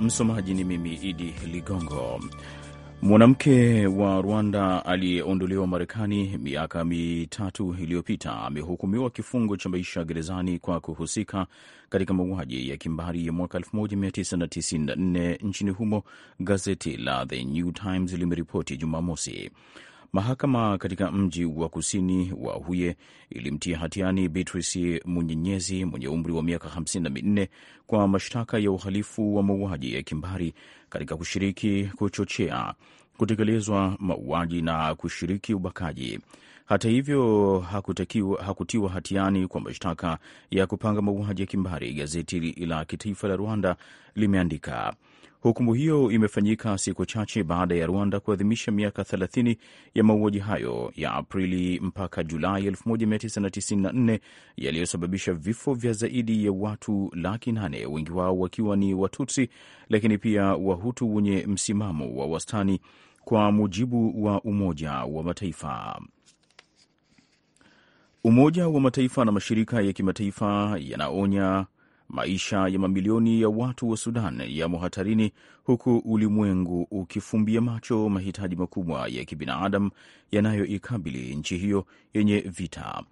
Msomaji ni mimi Idi Ligongo. Mwanamke wa Rwanda aliyeondolewa Marekani miaka mitatu iliyopita amehukumiwa kifungo cha maisha gerezani kwa kuhusika katika mauaji ya kimbari ya mwaka 1994 nchini humo, gazeti la The New Times limeripoti Jumamosi. Mahakama katika mji wa kusini wa Huye ilimtia hatiani Beatrice Munyenyezi mwenye umri wa miaka 54 kwa mashtaka ya uhalifu wa mauaji ya kimbari katika kushiriki kuchochea kutekelezwa mauaji na kushiriki ubakaji. Hata hivyo hakutiwa, hakutiwa hatiani kwa mashtaka ya kupanga mauaji ya kimbari, gazeti la kitaifa la Rwanda limeandika. Hukumu hiyo imefanyika siku chache baada ya Rwanda kuadhimisha miaka 30 ya mauaji hayo ya Aprili mpaka Julai 1994 yaliyosababisha vifo vya zaidi ya watu laki nane, wengi wao wakiwa ni Watutsi, lakini pia Wahutu wenye msimamo wa wastani, kwa mujibu wa Umoja wa Mataifa. Umoja wa Mataifa na mashirika ya kimataifa yanaonya maisha ya mamilioni ya watu wa Sudan yamo hatarini, huku ulimwengu ukifumbia macho mahitaji makubwa ya kibinadamu yanayoikabili nchi hiyo yenye vita.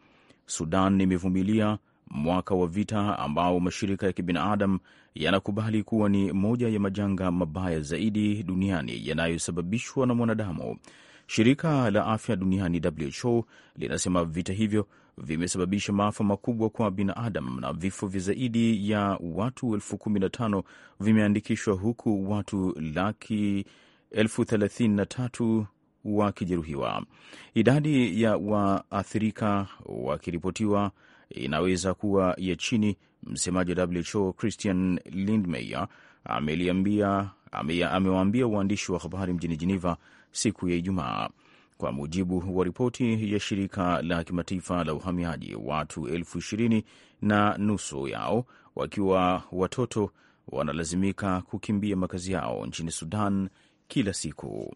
Sudan imevumilia mwaka wa vita ambao mashirika ya kibinadamu yanakubali kuwa ni moja ya majanga mabaya zaidi duniani yanayosababishwa na mwanadamu. Shirika la afya duniani WHO linasema vita hivyo vimesababisha maafa makubwa kwa binadamu na vifo vya zaidi ya watu elfu kumi na tano vimeandikishwa huku watu laki elfu thelathini na tatu wakijeruhiwa. Idadi ya waathirika wakiripotiwa inaweza kuwa ya chini. Msemaji wa WHO Christian Lindmeier amewaambia waandishi wa habari mjini jeneva siku ya Ijumaa kwa mujibu wa ripoti ya shirika la kimataifa la uhamiaji, watu elfu ishirini na nusu yao wakiwa watoto wanalazimika kukimbia makazi yao nchini Sudan kila siku.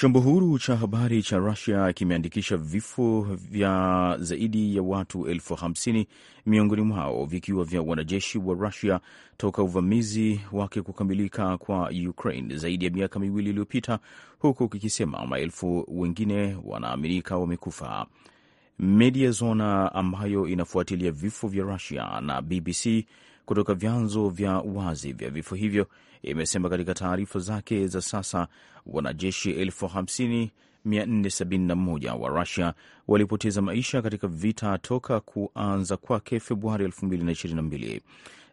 Chombo huru cha habari cha Rusia kimeandikisha vifo vya zaidi ya watu elfu hamsini miongoni mwao vikiwa vya wanajeshi wa Rusia toka uvamizi wake kukamilika kwa Ukraine zaidi ya miaka miwili iliyopita, huku kikisema maelfu wengine wanaaminika wamekufa. Media Zona ambayo inafuatilia vifo vya Rusia na BBC kutoka vyanzo vya wazi vya vifo hivyo imesema katika taarifa zake za sasa wanajeshi 5471 wa Rusia walipoteza maisha katika vita toka kuanza kwake Februari 2022.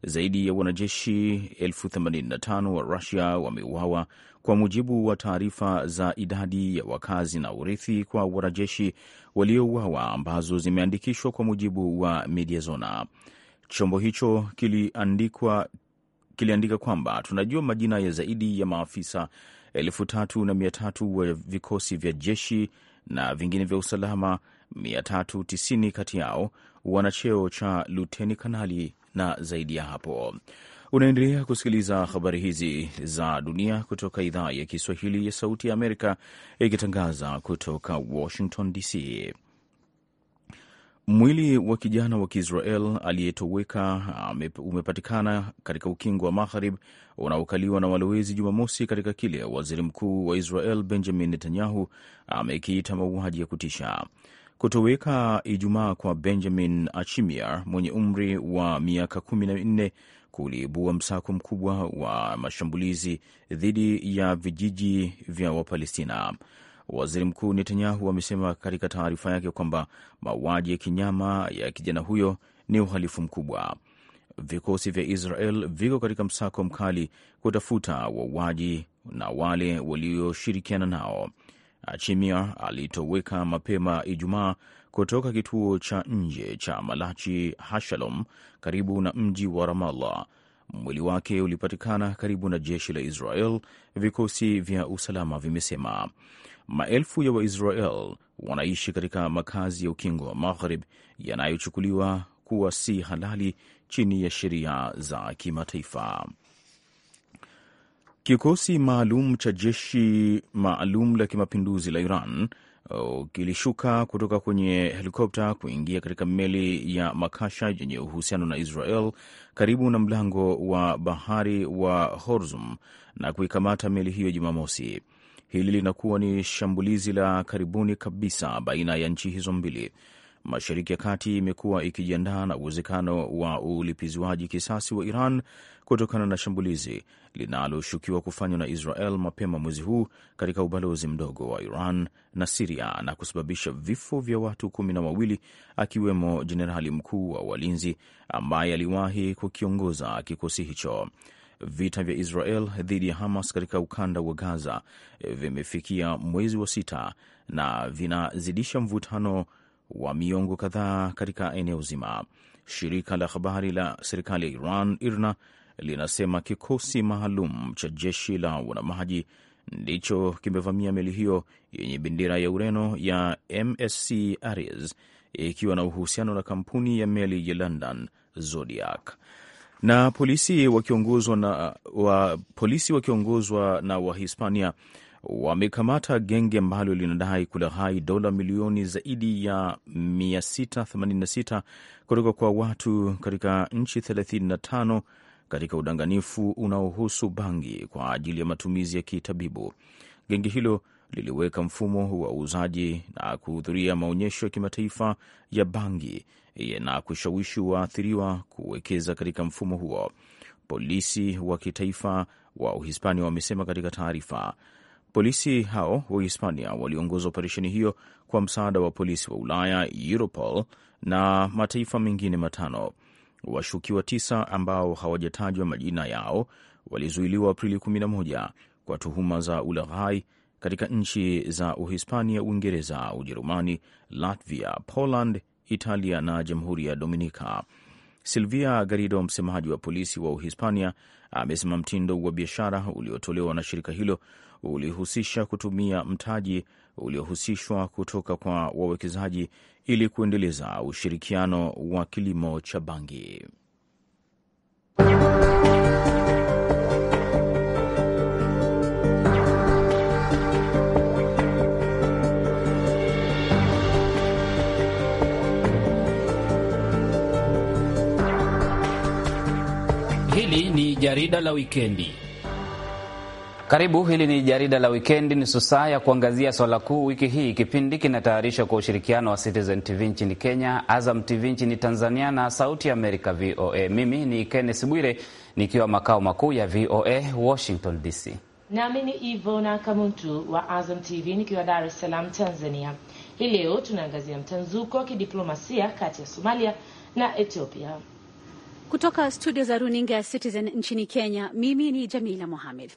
Zaidi ya wanajeshi 85 wa Rusia wameuawa kwa mujibu wa taarifa za idadi ya wakazi na urithi kwa wanajeshi waliouawa ambazo zimeandikishwa kwa mujibu wa Mediazona. Chombo hicho kiliandikwa kiliandika kwamba tunajua majina ya zaidi ya maafisa elfu tatu na mia tatu wa vikosi vya jeshi na vingine vya usalama 390 kati yao wana cheo cha luteni kanali na zaidi ya hapo. Unaendelea kusikiliza habari hizi za dunia kutoka idhaa ya Kiswahili ya Sauti ya Amerika, ikitangaza kutoka Washington DC. Mwili wa kijana wa Kiisrael aliyetoweka umepatikana katika ukingo wa Magharibi unaokaliwa na walowezi Jumamosi, katika kile waziri mkuu wa Israel Benjamin Netanyahu amekiita mauaji ya kutisha. Kutoweka Ijumaa kwa Benjamin Achimiar mwenye umri wa miaka kumi na minne kuliibua msako mkubwa wa mashambulizi dhidi ya vijiji vya Wapalestina. Waziri Mkuu Netanyahu amesema katika taarifa yake kwamba mauaji ya kinyama ya kijana huyo ni uhalifu mkubwa. Vikosi vya Israel viko katika msako mkali kutafuta wauaji na wale walioshirikiana nao. Achimia alitoweka mapema Ijumaa kutoka kituo cha nje cha Malachi Hashalom karibu na mji wa Ramallah. Mwili wake ulipatikana karibu na jeshi la Israel, vikosi vya usalama vimesema. Maelfu ya Waisrael wanaishi katika makazi ya Ukingo wa Maghrib yanayochukuliwa kuwa si halali chini ya sheria za kimataifa. Kikosi maalum cha jeshi maalum la kimapinduzi la Iran oh, kilishuka kutoka kwenye helikopta kuingia katika meli ya makasha yenye uhusiano na Israel karibu na mlango wa bahari wa Horzum na kuikamata meli hiyo Jumamosi. Hili linakuwa ni shambulizi la karibuni kabisa baina ya nchi hizo mbili. Mashariki ya Kati imekuwa ikijiandaa na uwezekano wa ulipizwaji kisasi wa Iran kutokana na shambulizi linaloshukiwa kufanywa na Israel mapema mwezi huu katika ubalozi mdogo wa Iran na Siria na kusababisha vifo vya watu kumi na wawili akiwemo jenerali mkuu wa walinzi ambaye aliwahi kukiongoza kikosi hicho. Vita vya Israel dhidi ya Hamas katika ukanda wa Gaza vimefikia mwezi wa sita na vinazidisha mvutano wa miongo kadhaa katika eneo zima. Shirika la habari la serikali ya Iran, IRNA, linasema kikosi maalum cha jeshi la wanamaji ndicho kimevamia meli hiyo yenye bendera ya Ureno ya MSC Aries ikiwa na uhusiano na kampuni ya meli ya London Zodiac na polisi wakiongozwa na, wa, polisi wakiongozwa na Wahispania wamekamata genge ambalo linadai kulaghai dola milioni zaidi ya 686 kutoka kwa watu katika nchi 35 katika udanganifu unaohusu bangi kwa ajili ya matumizi ya kitabibu. Genge hilo liliweka mfumo wa uuzaji na kuhudhuria maonyesho ya kimataifa ya bangi na kushawishi waathiriwa kuwekeza katika mfumo huo, polisi wa kitaifa wa Uhispania wamesema katika taarifa. Polisi hao wa Uhispania waliongoza operesheni hiyo kwa msaada wa polisi wa Ulaya, Europol na mataifa mengine matano. Washukiwa tisa ambao hawajatajwa majina yao walizuiliwa Aprili 11 kwa tuhuma za ulaghai katika nchi za Uhispania, Uingereza, Ujerumani, Latvia, Poland, Italia na Jamhuri ya Dominika. Silvia Garido, msemaji wa polisi wa Uhispania, amesema mtindo wa biashara uliotolewa na shirika hilo ulihusisha kutumia mtaji uliohusishwa kutoka kwa wawekezaji ili kuendeleza ushirikiano wa kilimo cha bangi. Hili ni jarida la wikendi. Karibu, hili ni jarida la wikendi, ni susaa ya kuangazia swala kuu wiki hii. Kipindi kinatayarishwa kwa ushirikiano wa Citizen TV nchini Kenya, Azam TV nchini Tanzania na Sauti Amerika VOA. Mimi ni Kenneth Bwire nikiwa makao makuu ya VOA Washington DC, nami ni Ivona Kamuntu wa Azam TV nikiwa Dar es Salaam, Tanzania. Hii leo tunaangazia mtanzuko wa kidiplomasia kati ya Somalia na Ethiopia. Kutoka studio za runinga ya Citizen nchini Kenya, mimi ni Jamila Mohamed.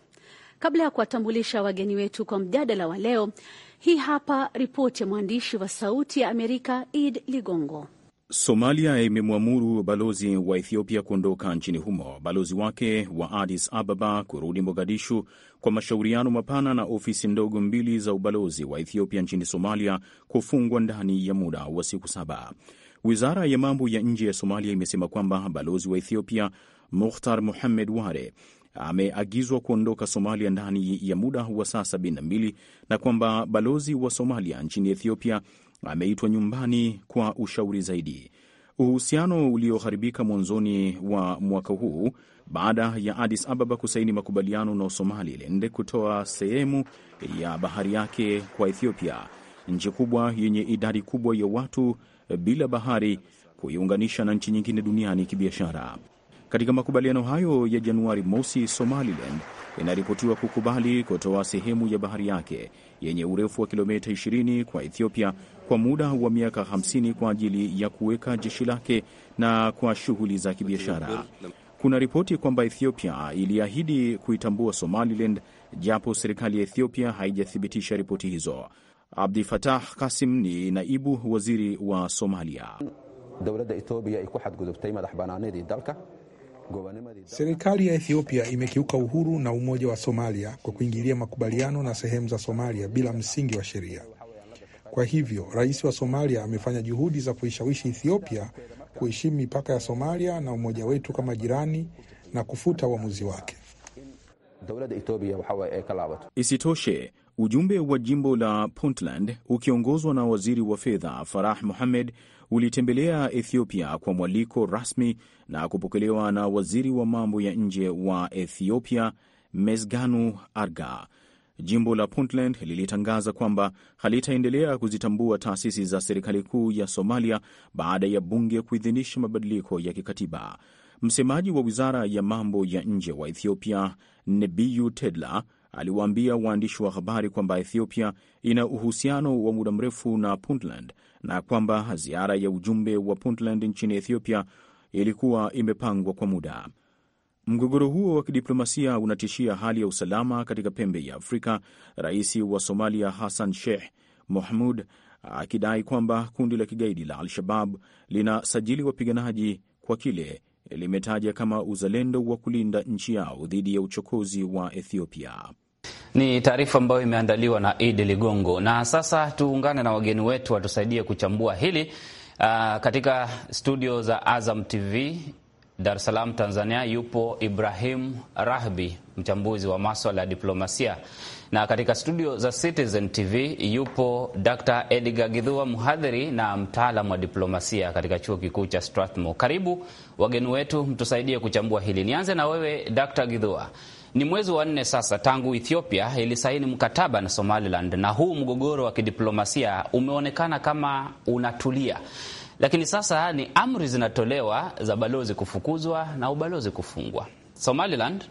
Kabla ya kuwatambulisha wageni wetu kwa mjadala wa leo, hii hapa ripoti ya mwandishi wa Sauti ya Amerika Id Ligongo. Somalia imemwamuru balozi wa Ethiopia kuondoka nchini humo, balozi wake wa Addis Ababa kurudi Mogadishu kwa mashauriano mapana, na ofisi ndogo mbili za ubalozi wa Ethiopia nchini Somalia kufungwa ndani ya muda wa siku saba. Wizara ya mambo ya nje ya Somalia imesema kwamba balozi wa Ethiopia Mukhtar Muhamed Ware ameagizwa kuondoka Somalia ndani ya muda wa saa 72 na kwamba balozi wa Somalia nchini Ethiopia ameitwa nyumbani kwa ushauri zaidi. Uhusiano ulioharibika mwanzoni wa mwaka huu baada ya Addis Ababa kusaini makubaliano na Somaliland kutoa sehemu ya bahari yake kwa Ethiopia, nchi kubwa yenye idadi kubwa ya watu bila bahari kuiunganisha na nchi nyingine duniani kibiashara. Katika makubaliano hayo ya Januari mosi, Somaliland inaripotiwa kukubali kutoa sehemu ya bahari yake yenye urefu wa kilomita 20 kwa Ethiopia kwa muda wa miaka 50 kwa ajili ya kuweka jeshi lake na kwa shughuli za kibiashara. Kuna ripoti kwamba Ethiopia iliahidi kuitambua Somaliland, japo serikali ya Ethiopia haijathibitisha ripoti hizo. Abdi Fatah Kasim ni naibu waziri wa Somalia. Serikali ya Ethiopia imekiuka uhuru na umoja wa Somalia kwa kuingilia makubaliano na sehemu za Somalia bila msingi wa sheria. Kwa hivyo, rais wa Somalia amefanya juhudi za kuishawishi Ethiopia kuheshimu mipaka ya Somalia na umoja wetu kama jirani na kufuta uamuzi wake. Isitoshe, Ujumbe wa jimbo la Puntland ukiongozwa na waziri wa fedha Farah Mohamed ulitembelea Ethiopia kwa mwaliko rasmi na kupokelewa na waziri wa mambo ya nje wa Ethiopia Mesganu Arga. Jimbo la Puntland lilitangaza kwamba halitaendelea kuzitambua taasisi za serikali kuu ya Somalia baada ya bunge kuidhinisha mabadiliko ya kikatiba. Msemaji wa wizara ya mambo ya nje wa Ethiopia Nebiu Tedla aliwaambia waandishi wa habari kwamba Ethiopia ina uhusiano wa muda mrefu na Puntland na kwamba ziara ya ujumbe wa Puntland nchini Ethiopia ilikuwa imepangwa kwa muda. Mgogoro huo wa kidiplomasia unatishia hali ya usalama katika pembe ya Afrika, rais wa Somalia Hassan Sheikh Mohamud akidai kwamba kundi la kigaidi la Al-Shabab linasajili wapiganaji kwa kile limetaja kama uzalendo wa kulinda nchi yao dhidi ya uchokozi wa Ethiopia. Ni taarifa ambayo imeandaliwa na Idi Ligongo, na sasa tuungane na wageni wetu watusaidie kuchambua hili uh, katika studio za Azam TV Dar es Salaam, Tanzania, yupo Ibrahim Rahbi, mchambuzi wa maswala ya diplomasia, na katika studio za Citizen TV yupo Dr Edgar Gidhua, mhadhiri na mtaalamu wa diplomasia katika chuo kikuu cha Strathmore. Karibu wageni wetu, mtusaidie kuchambua hili. Nianze na wewe Dr Gidhua. Ni mwezi wa nne sasa tangu Ethiopia ilisaini mkataba na Somaliland, na huu mgogoro wa kidiplomasia umeonekana kama unatulia, lakini sasa ni amri zinatolewa za balozi kufukuzwa na ubalozi kufungwa. Somaliland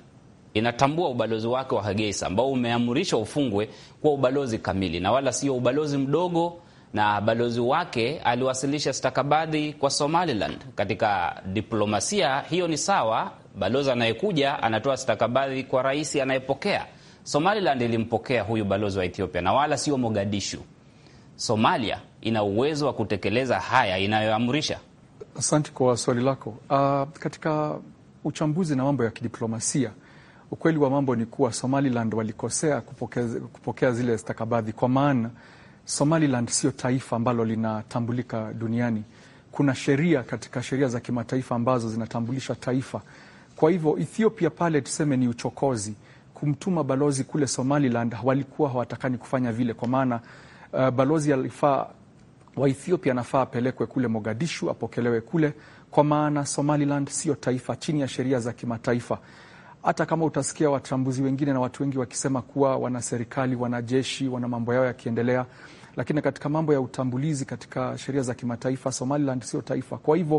inatambua ubalozi wake wa Hageisa ambao umeamrishwa ufungwe kuwa ubalozi kamili na wala sio ubalozi mdogo na balozi wake aliwasilisha stakabadhi kwa Somaliland. Katika diplomasia hiyo ni sawa balozi anayekuja anatoa stakabadhi kwa rais anayepokea. Somaliland ilimpokea huyu balozi wa Ethiopia na wala sio Mogadishu. Somalia ina uwezo wa kutekeleza haya inayoamrisha. Asante kwa swali lako. Uh, katika uchambuzi na mambo ya kidiplomasia, ukweli wa mambo ni kuwa Somaliland walikosea kupokea, kupokea zile stakabadhi, kwa maana Somaliland sio taifa ambalo linatambulika duniani. Kuna sheria katika sheria za kimataifa ambazo zinatambulisha taifa kwa hivyo Ethiopia pale tuseme ni uchokozi kumtuma balozi kule Somaliland, walikuwa hawatakani kufanya vile, kwa maana uh, balozi alifaa wa Ethiopia anafaa apelekwe kule Mogadishu, apokelewe kule, kwa maana Somaliland sio taifa chini ya sheria za kimataifa. Hata kama utasikia wachambuzi wengine na watu wengi wakisema kuwa wana serikali, wana jeshi, wana mambo yao yakiendelea, lakini katika mambo ya utambulizi katika sheria za kimataifa Somaliland sio taifa. Kwa hivyo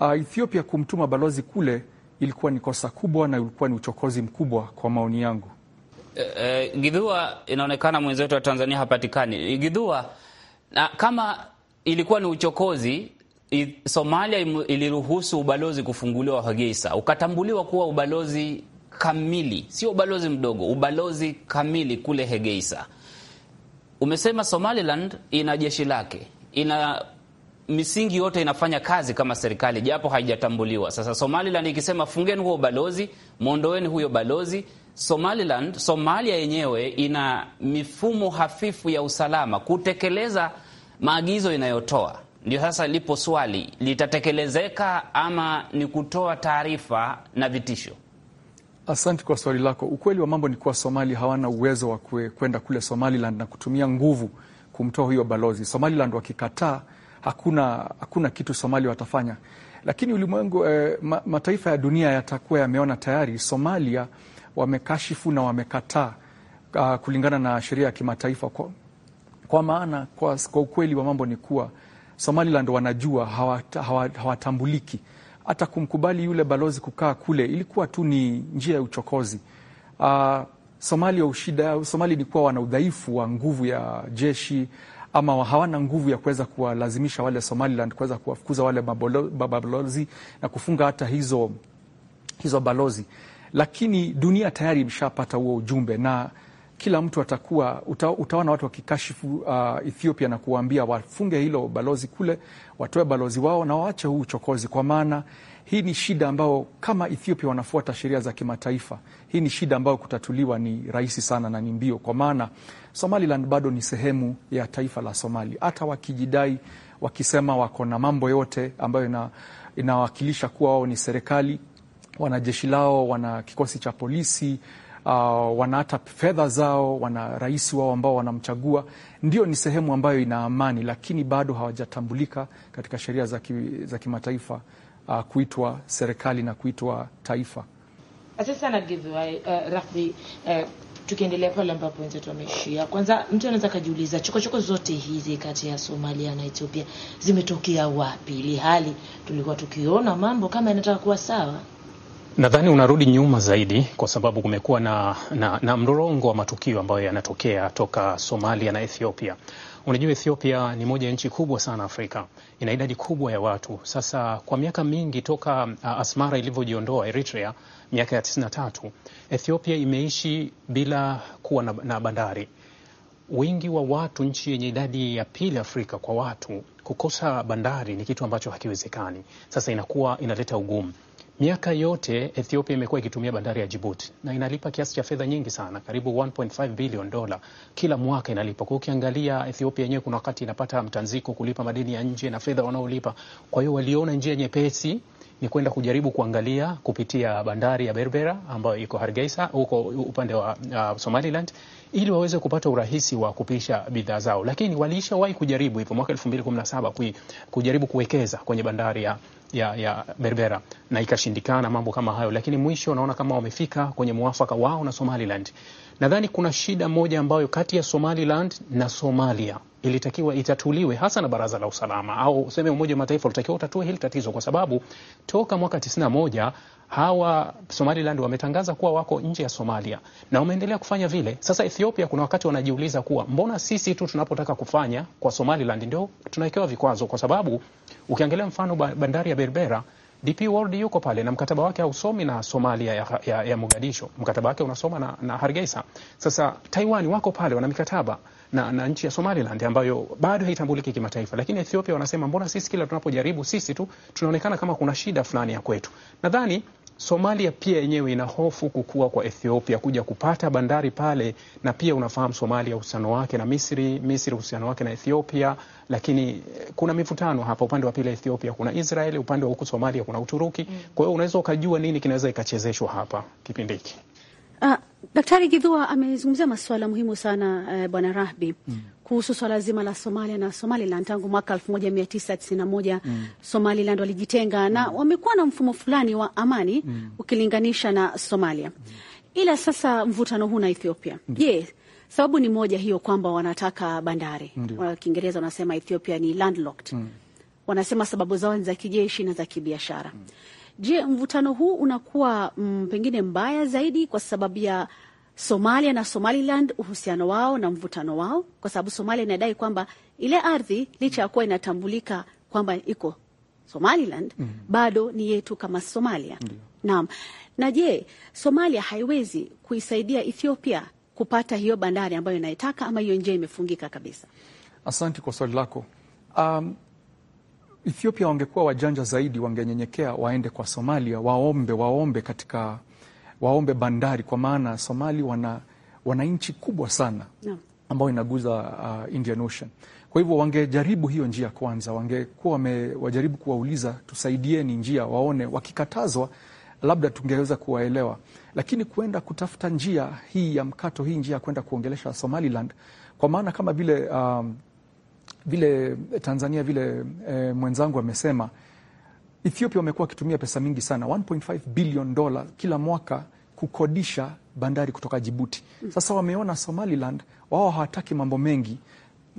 uh, Ethiopia kumtuma balozi kule ilikuwa ni kosa kubwa na ulikuwa ni uchokozi mkubwa kwa maoni yangu. E, eh, e, eh, Gidhua, inaonekana mwenzetu wa Tanzania hapatikani. Gidhua, na kama ilikuwa ni uchokozi Somalia iliruhusu ubalozi kufunguliwa Hageisa, ukatambuliwa kuwa ubalozi kamili, sio ubalozi mdogo, ubalozi kamili kule Hargeisa. Umesema Somaliland ina jeshi lake, ina misingi yote inafanya kazi kama serikali japo haijatambuliwa. Sasa Somaliland ikisema fungeni huo balozi, mwondoeni huyo balozi Somaliland. Somalia yenyewe ina mifumo hafifu ya usalama kutekeleza maagizo inayotoa. Ndio sasa lipo swali, litatekelezeka ama ni kutoa taarifa na vitisho? Asante kwa swali lako. Ukweli wa mambo ni kuwa Somalia hawana uwezo wa kwenda kule Somaliland na kutumia nguvu kumtoa huyo balozi. Somaliland wakikataa hakuna, hakuna kitu Somalia watafanya, lakini ulimwengu eh, mataifa ya dunia yatakuwa yameona tayari Somalia wamekashifu na wamekataa uh, kulingana na sheria ya kimataifa kwa, kwa maana kwa, kwa ukweli wa mambo ni kuwa Somaliland wanajua hawatambuliki hawa, hawa hata kumkubali yule balozi kukaa kule ilikuwa tu ni njia ya uchokozi. Uh, Somalia ushida Somali ni kuwa wana udhaifu wa nguvu ya jeshi ama hawana nguvu ya kuweza kuwalazimisha wale Somaliland kuweza kuwafukuza wale mabalozi na kufunga hata hizo, hizo balozi, lakini dunia tayari imeshapata huo ujumbe na kila mtu atakuwa uta, utaona watu wakikashifu uh, Ethiopia na kuwaambia wafunge hilo balozi kule, watoe balozi wao na waache huu uchokozi, kwa maana hii ni shida ambayo kama Ethiopia wanafuata sheria za kimataifa, hii ni shida ambayo kutatuliwa ni rahisi sana na ni mbio, kwa maana Somaliland bado ni sehemu ya taifa la Somali. Hata wakijidai wakisema wako na mambo yote ambayo ina, inawakilisha kuwa wao ni serikali, wana jeshi lao, wana kikosi cha polisi Uh, wana hata fedha zao, wana rais wao ambao wanamchagua, ndio ni sehemu ambayo ina amani, lakini bado hawajatambulika katika sheria za kimataifa uh, kuitwa serikali na kuitwa taifa. Asante sana Giviwai. Uh, Rafi, uh, tukiendelea pale ambapo wenzetu wameishia, kwanza mtu anaweza akajiuliza chokochoko zote hizi kati ya Somalia na Ethiopia zimetokea wapi, ili hali tulikuwa tukiona mambo kama yanataka kuwa sawa Nadhani unarudi nyuma zaidi kwa sababu kumekuwa na, na, na mrorongo wa matukio ambayo yanatokea toka Somalia na Ethiopia. Unajua Ethiopia ni moja ya nchi kubwa sana Afrika, ina idadi kubwa ya watu. Sasa kwa miaka mingi toka uh, Asmara ilivyojiondoa Eritrea miaka ya tatu, Ethiopia imeishi bila kuwa na, na bandari. Wingi wa watu, nchi yenye idadi ya pili Afrika kwa watu, kukosa bandari ni kitu ambacho hakiwezekani. Sasa inakuwa inaleta ugumu. Miaka yote Ethiopia imekuwa ikitumia bandari ya Djibouti na inalipa kiasi cha fedha nyingi sana, karibu 1.5 bilioni dola kila mwaka inalipa. Kwa ukiangalia Ethiopia yenyewe kuna wakati inapata mtanziko kulipa madeni ya nje na fedha wanaolipa. Kwa hiyo waliona njia nyepesi ni kwenda kujaribu kuangalia kupitia bandari ya Berbera ambayo iko Hargeisa huko upande wa uh, Somaliland ili waweze kupata urahisi wa kupisha bidhaa zao, lakini walishawahi kujaribu hivyo mwaka 2017 kujaribu kuwekeza kwenye bandari ya, ya, ya Berbera na ikashindikana, mambo kama hayo, lakini mwisho naona kama wamefika kwenye mwafaka wao na Somaliland. Nadhani kuna shida moja ambayo kati ya Somaliland na Somalia ilitakiwa itatuliwe hasa na Baraza la Usalama au useme Umoja wa Mataifa ulitakiwa utatue hili tatizo, kwa sababu toka mwaka 91 hawa Somaliland wametangaza kuwa wako nje ya Somalia na wameendelea kufanya vile. Sasa Ethiopia, kuna wakati wanajiuliza kuwa mbona sisi tu tunapotaka kufanya kwa Somaliland ndio tunawekewa vikwazo, kwa sababu ukiangalia mfano bandari ya Berbera DP World yuko pale na mkataba wake hausomi na Somalia ya, ya, ya Mogadisho. Mkataba wake unasoma na, na Hargeisa. Sasa Taiwan wako pale wana mikataba na, na nchi ya Somaliland ambayo bado haitambuliki kimataifa, lakini Ethiopia wanasema mbona sisi kila tunapojaribu sisi tu tunaonekana kama kuna shida fulani ya kwetu. Nadhani Somalia pia yenyewe ina hofu kukua kwa Ethiopia kuja kupata bandari pale, na pia unafahamu Somalia uhusiano wake na Misri, Misri uhusiano wake na Ethiopia, lakini eh, kuna mivutano hapa. Upande wa pili Ethiopia kuna Israeli, upande wa huku Somalia kuna Uturuki. Mm. Kwa hiyo unaweza ukajua nini kinaweza ikachezeshwa hapa kipindi hiki. Uh, Daktari Gidhua amezungumzia masuala muhimu sana uh, Bwana Rahbi mm kuhusu swala zima la Somalia na Somaliland tangu mwaka 1991 mm. Somaliland walijitenga na mm. wamekuwa na mfumo fulani wa amani mm. ukilinganisha na Somalia mm. ila sasa mvutano huu na Ethiopia je, mm. yeah. sababu ni moja hiyo kwamba wanataka bandari mm. wa Kiingereza wanasema Ethiopia ni landlocked mm. wanasema sababu zao ni za kijeshi na za kibiashara mm. Je, mvutano huu unakuwa mm, pengine mbaya zaidi kwa sababu ya Somalia na Somaliland, uhusiano wao na mvutano wao, kwa sababu Somalia inadai kwamba ile ardhi licha ya kuwa inatambulika kwamba iko Somaliland mm -hmm. bado ni yetu kama Somalia mm -hmm. Naam. Na je, Somalia haiwezi kuisaidia Ethiopia kupata hiyo bandari ambayo inaitaka ama hiyo njia imefungika kabisa? Asante kwa swali lako. um, Ethiopia wangekuwa wajanja zaidi, wangenyenyekea waende kwa Somalia waombe waombe katika waombe bandari, kwa maana Somali wana, wana nchi kubwa sana ambayo inaguza uh, Indian Ocean. Kwa hivyo wangejaribu hiyo njia kwanza, wangekuwa wajaribu kuwauliza tusaidieni njia, waone wakikatazwa labda tungeweza kuwaelewa, lakini kuenda kutafuta njia hii ya mkato, hii njia ya kwenda kuongelesha Somaliland, kwa maana kama vile um, vile Tanzania vile e, mwenzangu amesema Ethiopia wamekuwa wakitumia pesa mingi sana 1.5 billion dola kila mwaka kukodisha bandari kutoka Jibuti. Sasa wameona Somaliland wao hawataki mambo mengi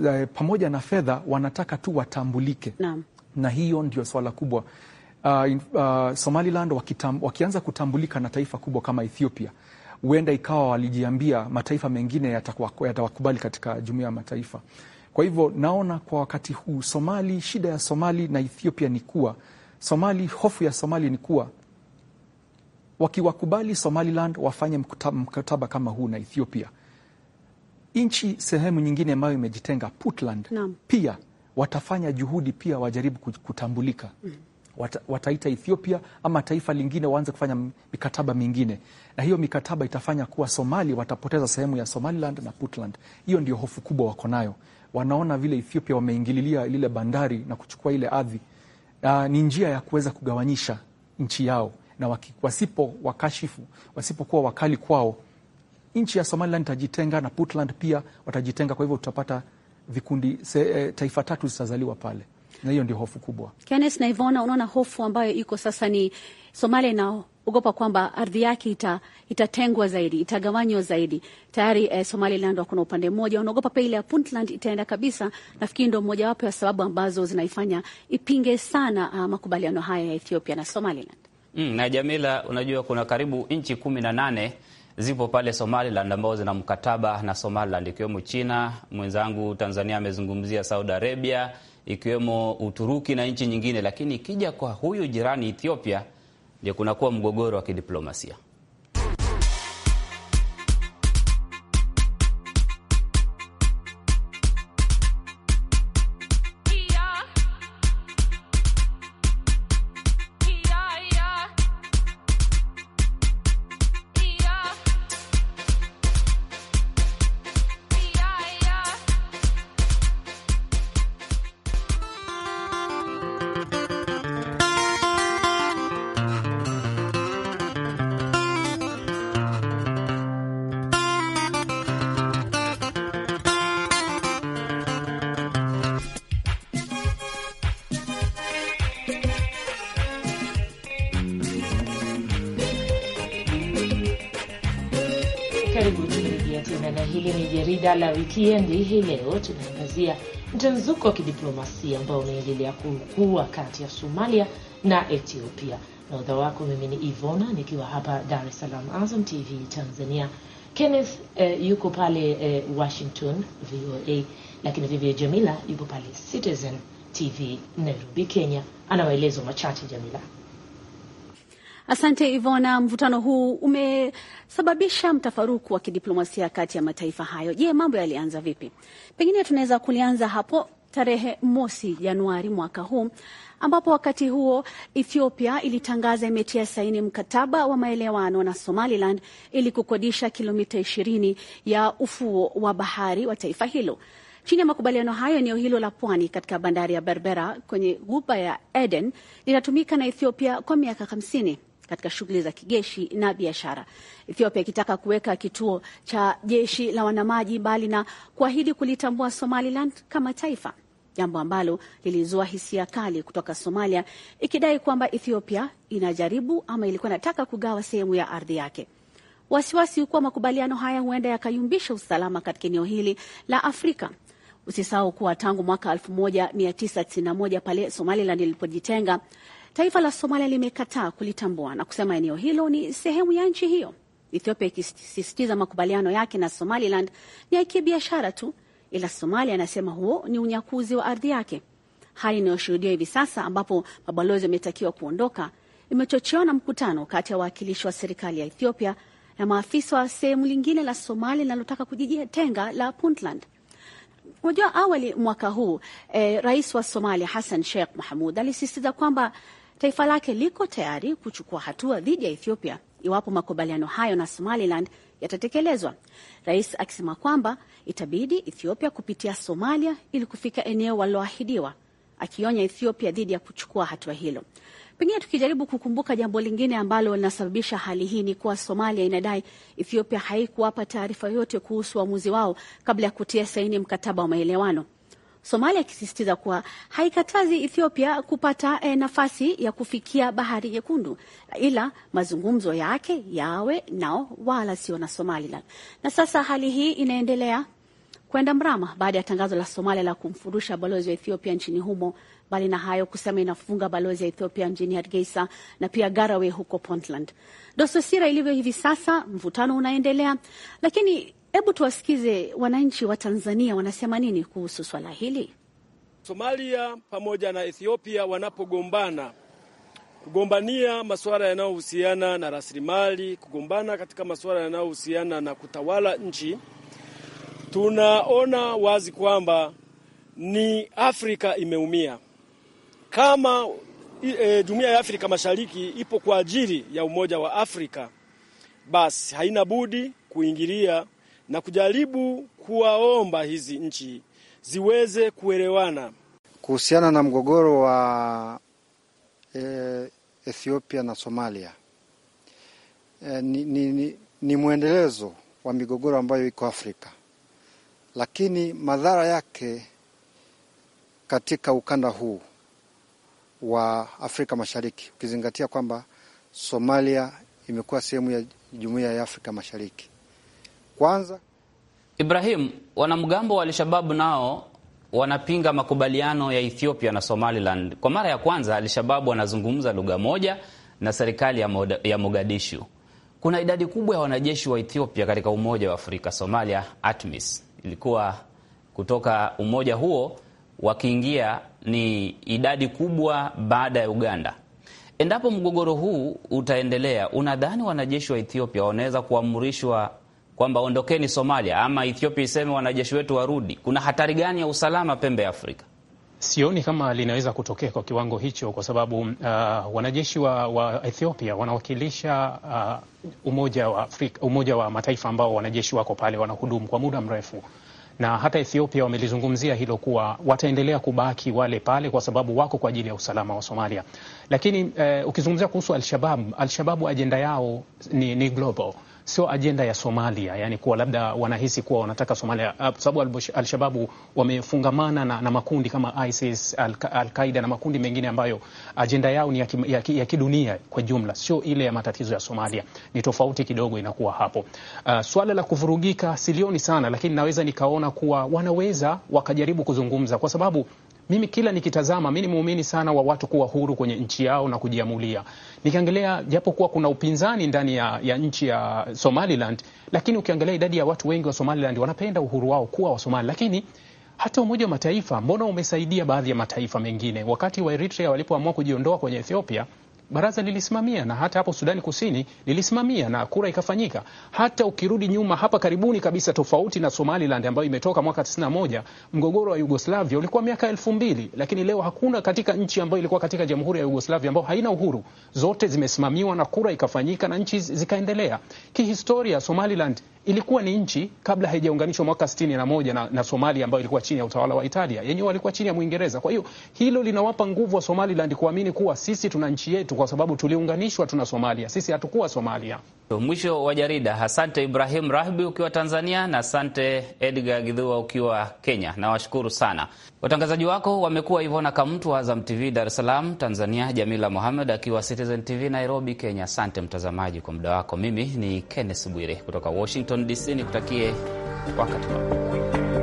e, pamoja na fedha wanataka tu watambulike na, na hiyo ndio swala kubwa. Uh, uh, Somaliland wakitam, wakianza kutambulika na taifa kubwa kama Ethiopia, huenda ikawa walijiambia mataifa mengine yatawakubali katika jumuiya ya mataifa. Kwa hivyo naona kwa wakati huu Somali, shida ya Somali na Ethiopia ni kuwa Somali, hofu ya Somali ni kuwa wakiwakubali Somaliland wafanye mkataba, mkataba kama huu na Ethiopia, nchi sehemu nyingine ambayo imejitenga Puntland Naam. pia watafanya juhudi pia wajaribu kutambulika mm. Wata, wataita Ethiopia ama taifa lingine waanze kufanya mikataba mingine, na hiyo mikataba itafanya kuwa Somali watapoteza sehemu ya Somaliland na Puntland. Hiyo ndio hofu kubwa wako nayo wanaona vile Ethiopia wameingililia lile bandari na kuchukua ile ardhi uh, ni njia ya kuweza kugawanyisha nchi yao, na wasipo wakashifu, wasipokuwa wakali kwao, nchi ya Somaliland itajitenga na Puntland pia watajitenga. Kwa hivyo tutapata vikundi se, eh, taifa tatu zitazaliwa pale, na hiyo ndio hofu kubwa. Kenneth naivona, unaona hofu ambayo iko sasa ni Somalia inaogopa kwamba ardhi yake ita, itatengwa zaidi, itagawanywa zaidi. Tayari eh, Somaliland wako na upande mmoja, wanaogopa pia ile ya Puntland itaenda kabisa. Nafikiri ndio mojawapo ya sababu ambazo zinaifanya ipinge sana uh, makubaliano haya ya Ethiopia na Somaliland. Mm, na Jamila, unajua kuna karibu nchi kumi na nane zipo pale Somaliland ambao zina mkataba na Somaliland ikiwemo China, mwenzangu Tanzania amezungumzia Saudi Arabia, ikiwemo Uturuki na nchi nyingine, lakini ikija kwa huyu jirani Ethiopia ndio kunakuwa mgogoro wa kidiplomasia. Mijadala ya wikiendi hii leo tunaangazia mtanzuko wa kidiplomasia ambao unaendelea kukua kati ya Somalia na Ethiopia. Naodha wako mimi ni Ivona nikiwa hapa Dar es Salaam, Azam TV Tanzania. Kenneth eh, yuko pale eh, Washington VOA, lakini vivyo Jamila yupo pale Citizen TV Nairobi, Kenya. Ana maelezo machache Jamila. Asante Ivona, mvutano huu umesababisha mtafaruku wa kidiplomasia kati ya mataifa hayo. Je, mambo yalianza vipi? Pengine tunaweza kulianza hapo tarehe mosi Januari mwaka huu ambapo wakati huo Ethiopia ilitangaza imetia saini mkataba wa maelewano na Somaliland ili kukodisha kilomita ishirini ya ufuo wa bahari wa taifa hilo. Chini ya makubaliano hayo, eneo hilo la pwani katika bandari ya Berbera kwenye ghuba ya Eden linatumika na Ethiopia kwa miaka hamsini katika shughuli za kijeshi na biashara. Ethiopia ikitaka kuweka kituo cha jeshi la wanamaji mbali na kuahidi kulitambua Somaliland kama taifa, jambo ambalo lilizua hisia kali kutoka Somalia ikidai kwamba Ethiopia inajaribu ama ilikuwa inataka kugawa sehemu ya ardhi yake. Wasiwasi kuwa makubaliano haya huenda yakayumbisha usalama katika eneo hili la Afrika. Usisahau kuwa tangu mwaka 1991 pale Somaliland ilipojitenga Taifa la Somalia limekataa kulitambua na kusema eneo hilo ni sehemu ya nchi hiyo, Ethiopia ikisisitiza makubaliano yake na Somaliland ni ya kibiashara tu, ila Somalia anasema huo ni unyakuzi wa ardhi yake. Hali inayoshuhudiwa hivi sasa ambapo mabalozi wametakiwa kuondoka imechochewa na mkutano kati ya wawakilishi wa serikali ya Ethiopia na maafisa wa sehemu lingine la Somalia linalotaka kujitenga la Puntland. Unajua, awali mwaka huu eh, rais wa Somalia Hassan Sheikh Mohamud alisisitiza kwamba taifa lake liko tayari kuchukua hatua dhidi ya Ethiopia iwapo makubaliano hayo na Somaliland yatatekelezwa, rais akisema kwamba itabidi Ethiopia kupitia Somalia ili kufika eneo waliloahidiwa, akionya Ethiopia dhidi ya kuchukua hatua hilo. Pengine tukijaribu kukumbuka jambo lingine ambalo linasababisha hali hii ni kuwa Somalia inadai Ethiopia haikuwapa taarifa yote kuhusu uamuzi wa wao kabla ya kutia saini mkataba wa maelewano. Somalia ikisisitiza kuwa haikatazi Ethiopia kupata e, nafasi ya kufikia bahari nyekundu, ila mazungumzo yake yawe nao wala sio na Somaliland. Na sasa hali hii inaendelea kwenda mrama baada ya tangazo la Somalia la kumfurusha balozi wa Ethiopia nchini humo. Mbali na hayo, kusema inafunga balozi ya Ethiopia mjini Hargeisa na pia Garawe huko Puntland. Dososira ilivyo hivi sasa, mvutano unaendelea, lakini hebu tuwasikize wananchi wa Tanzania wanasema nini kuhusu swala hili. Somalia pamoja na Ethiopia wanapogombana kugombania masuala yanayohusiana na rasilimali, kugombana katika masuala yanayohusiana na kutawala nchi tunaona wazi kwamba ni Afrika imeumia. Kama e, jumuiya ya Afrika Mashariki ipo kwa ajili ya umoja wa Afrika, basi haina budi kuingilia na kujaribu kuwaomba hizi nchi ziweze kuelewana kuhusiana na mgogoro wa e, Ethiopia na Somalia. E, ni, ni, ni, ni mwendelezo wa migogoro ambayo iko Afrika lakini madhara yake katika ukanda huu wa Afrika Mashariki ukizingatia kwamba Somalia imekuwa sehemu ya jumuiya ya Afrika Mashariki. Kwanza, Ibrahim, wanamgambo wa Alshababu nao wanapinga makubaliano ya Ethiopia na Somaliland. Kwa mara ya kwanza Alshababu wanazungumza lugha moja na serikali ya Mogadishu. Kuna idadi kubwa ya wanajeshi wa Ethiopia katika Umoja wa Afrika, Somalia ATMIS ilikuwa kutoka umoja huo wakiingia ni idadi kubwa baada ya Uganda. Endapo mgogoro huu utaendelea, unadhani wanajeshi wa Ethiopia wanaweza kuamrishwa kwamba ondokeni Somalia ama Ethiopia iseme wanajeshi wetu warudi? Kuna hatari gani ya usalama pembe ya Afrika? Sioni kama linaweza kutokea kwa kiwango hicho, kwa sababu uh, wanajeshi wa, wa Ethiopia wanawakilisha uh, Umoja wa Afrika, Umoja wa Mataifa ambao wanajeshi wako pale wanahudumu kwa muda mrefu na hata Ethiopia wamelizungumzia hilo kuwa wataendelea kubaki wale pale kwa sababu wako kwa ajili ya usalama wa Somalia. Lakini eh, ukizungumzia kuhusu Alshabab, Alshababu ajenda yao ni, ni global sio ajenda ya Somalia, yani kuwa labda wanahisi kuwa wanataka Somalia uh, kwa sababu Alshababu wamefungamana na, na makundi kama ISIS, Al-Qaida na makundi mengine ambayo ajenda yao ni ya, ki, ya, ki, ya kidunia kwa jumla, sio ile ya matatizo ya Somalia. Ni tofauti kidogo inakuwa hapo. Uh, swala la kuvurugika silioni sana, lakini naweza nikaona kuwa wanaweza wakajaribu kuzungumza kwa sababu mimi kila nikitazama, mi ni muumini sana wa watu kuwa huru kwenye nchi yao na kujiamulia. Nikiangalia japokuwa kuna upinzani ndani ya, ya nchi ya Somaliland, lakini ukiangalia idadi ya watu wengi wa Somaliland wanapenda uhuru wao kuwa wa Somali, lakini hata Umoja wa Mataifa mbona umesaidia baadhi ya mataifa mengine? Wakati wa Eritrea walipoamua kujiondoa kwenye Ethiopia baraza lilisimamia, na hata hapo Sudani Kusini lilisimamia na kura ikafanyika. Hata ukirudi nyuma hapa karibuni kabisa, tofauti na Somaliland ambayo imetoka mwaka 91, mgogoro wa Yugoslavia ulikuwa miaka elfu mbili, lakini leo hakuna katika nchi ambayo ilikuwa katika Jamhuri ya Yugoslavia ambayo haina uhuru. Zote zimesimamiwa na kura ikafanyika na nchi zikaendelea. Kihistoria Somaliland ilikuwa ni nchi kabla haijaunganishwa mwaka 61 na, na Somalia ambayo ilikuwa chini ya utawala wa Italia, yenyewe walikuwa chini ya Mwingereza. Kwa hiyo hilo linawapa nguvu wa Somaliland kuamini kuwa sisi tuna nchi yetu kwa sababu tuliunganishwa, tuna Somalia. Sisi hatukuwa Somalia. Mwisho wa jarida. Asante Ibrahim Rahbi ukiwa Tanzania, na asante Edgar Gidhua ukiwa Kenya. Nawashukuru sana watangazaji wako wamekuwa Ivona Kamtu wa Azam TV Dar es Salaam Tanzania, Jamila Mohamed akiwa Citizen TV Nairobi Kenya. Asante mtazamaji kwa muda wako. Mimi ni Kenneth Bwire kutoka Washington DC, nikutakie wakati mwema.